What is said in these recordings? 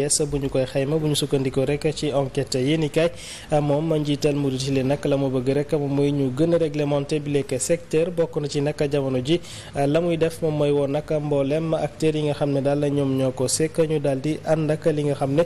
yees bu ñu koy xayma bu ñu sukkandikoo rek ci enquête yéen i kaay moom la mu bëgg rek moom mooy ñu na ci nag jamono ji yi nga xam ne daal ñoom ñoo ko sekk ñu daal di ànd li nga xam ne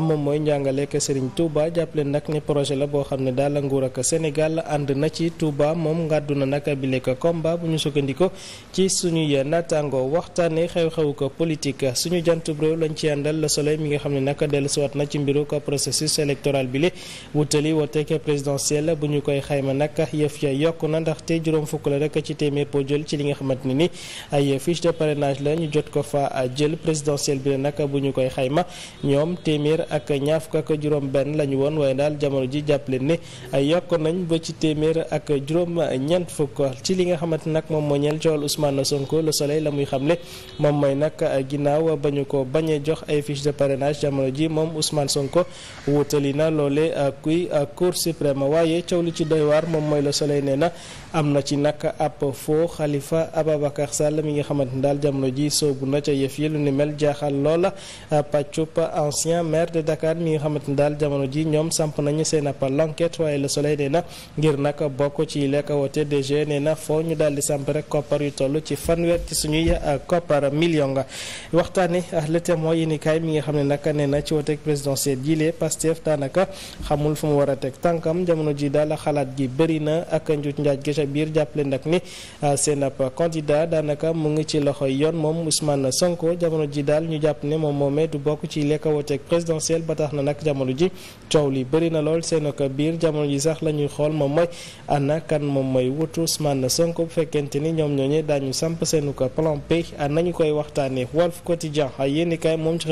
moom mooy njàngaleek Serigne Touba jàppale nag ni projet la boo xam ne daal nguur ak Sénégal ànd na ci Touba moom ngàddu na nag bi lekk combat bu ñu sukkandikoo ci suñuy naataango waxtaanee xew-xewu ko politique suñu jantub réew lañ ci àndal Le Soleil mi nga xam ne nag dellusiwaat na ci mbiru ko processus électoral bi li wutali woteek présidentielle bu ñu koy xayma nag yëf ya yokk na ndaxte juróom fukk la rek ci téeméer boo jël li nga xamante ne ni ay fiche de parrainage la jot ko fa jël présidentielle bi la nag bu ñu koy xayma ñoom téeméer ak ñaar fukk ak juróom benn la ñu woon waaye daal jamono ji jàpp leen ne yokk nañ ba ci téeméer ak juróom ñeent fukk ci li nga xamante nag moom moo ñeel coowal Ousmane Sonko la muy moom mooy nag ginnaaw ba ñu parrainage jamono ji moom Ousmane Sonko wutali na loole uh, kuy uh, Cour waaye coow li ci doy waar moom mooy Le Soleil nee na am na ci nag ab foo Khalifa Ababacar Sall mi nga xamante ni daal jamono ji soobu na ca yëf yi lu ni mel jaaxal loola uh, pàccub ancien maire de Dakar mi nga xamante ni daal jamono ji ñoom samp nañu seen ab l'enquête waaye la Soleil nee na ngir nag bokk ci lekk woote DG nee na foo ñu daal di samp rek koppar yu toll ci fanweer ci suñuy koppar million nga waxtaane Le Témoin yi mi nga xam ne naka ne na ci woteeg présidentielle yi lee Pastef daanaka xamul fu mu war a teg tànkam jamono ji daal xalaat gi bëri na ak njuut njaaj gëca biir jàppale nag ni ah, seen ab candidat daanaka mu ngi ci loxoy yoon moom Ousmane Sonko jamono ji daal ñu jàpp ne moom moomee du bokk ci lekka woteeg présidentielle ba tax na nag jamono ji coow li bëri na lool seen ak biir jamono ji sax la ñuy xool moom mooy ana kan moom mooy wutu Ousmane Sonko bu fekkente ni ñoom ñooñee daañu samp seenu ko plan P ah, nañu koy waxtaanee Walf Quotidien ay ah, yéenikaay moom ci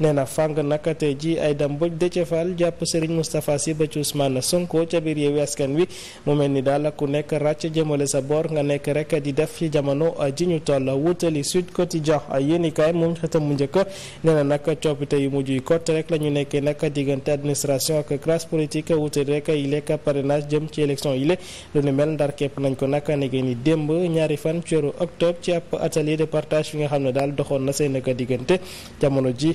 nee na fàng nag tey ji ay dam bëj Déthié Fall jàpp Serigne Moustapha si ba ci na Sonko ca biir Yewwi Askan Wi mu mel ni daal ku nekk ràcc jëmale sa boor nga nekk rek di def ci jamono a ji ñu toll wutali Sud Quotidien yéenikaay moom xetam mu njëkk nee na nag coppite yu mujj yu kott rek la ñu nekkee nag diggante administration ak classe politique wutali rek yi lekk parrainage jëm ci élection yi lé lu ni mel ndar képp nañ ko nag négée ni démb ñaar fan ci weeru octobre ci ab atelier de partage nga xam ne daal doxoon na seen naka diggante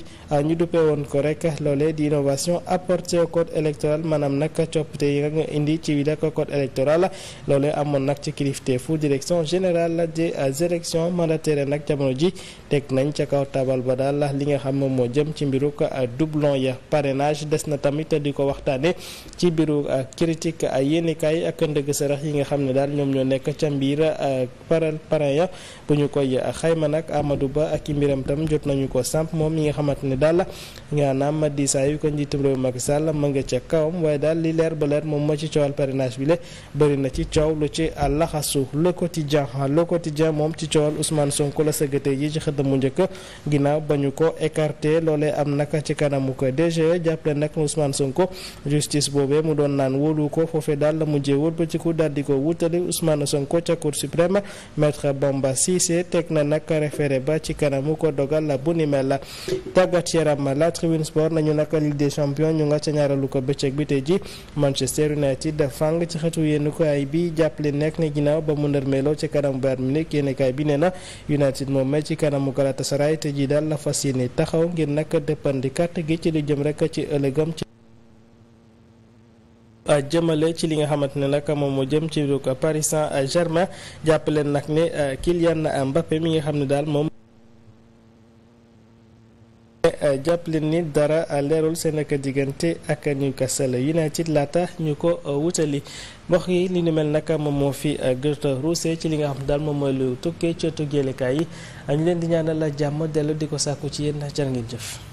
bi ah, ñu duppee woon ko rek loolee di innovation apportée au code électoral maanaam nag coppite yi nga indi ci wi rek code électoral loolee amoon nag ci kilifteefu direction générale des ah, élections mandataires nag jamono ji teg nañ ca kaw tabal ba daal li nga xam moom moo jëm ci mbiru ah, doublon ya parrainage des na tamit di ko waxtaane ci biiru critique ay yéenekaay ak ndëgg sarax yi nga xam ne daal ñoom ñoo nekk ca mbir paral parrain ya bu ñu koy xayma nag Amadou ko samp moom yi xamante ni daal nga naam diisaa yu ko njiitum réew Macky Sall ma nga ca kawam waaye daal li leer ba leer moom moo ci coowal parrainage bi le bëri na ci coow lu ci laxasu le quotidien le quotidien moom ci coowal Ousmane Sonko la sëggatee yi ci xëtam mu njëkk ginnaaw ba ñu ko écarté loolee am naka ci kanamu ko DG jàppale nag Ousmane Sonko justice boobee mu doon naan wóolu ko foofee daal la mujjee wëlbatiku daal di ko wutali Ousmane Sonko ca cour suprême maître Bamba Cissé teg na nag référé ba ci kanamu ko dogal la bu ni mel la tàggat yaram la tribune sport nañu naka Ligue de champions ñu nga ca ñaareelu ko bëccëg bi tey ji Manchester United fang ci xëtu yéen ko bi jàppale nekk ne ginnaaw ba mu ndërmeeloo ci kanam Bayern Munich yéen kaay bi nee na United moom ma ci kanamu Galatasaray te ji daal la fas yéene taxaw ngir nag dëppandi kàtt gi ci lu jëm rek ci ëllëgam ci jëmale ci li nga xamante ne nag moom moo jëm ci Paris Saint-Germain jàppaleen nag ne Kylian Mbappé mi nga jàpp leen ni dara leerul seen ak diggante ak ñu kasala United laata ñu ko euh, wutali mbokk yi li ni mel nag moom moo fi euh, gërta ruusee ci li nga xam daal moom mooy lu tukkee ci tuggeelekaay yi ñu leen di ñaanal jàmm dellu di ko sàkku ci yéen jërë ngeen jëf.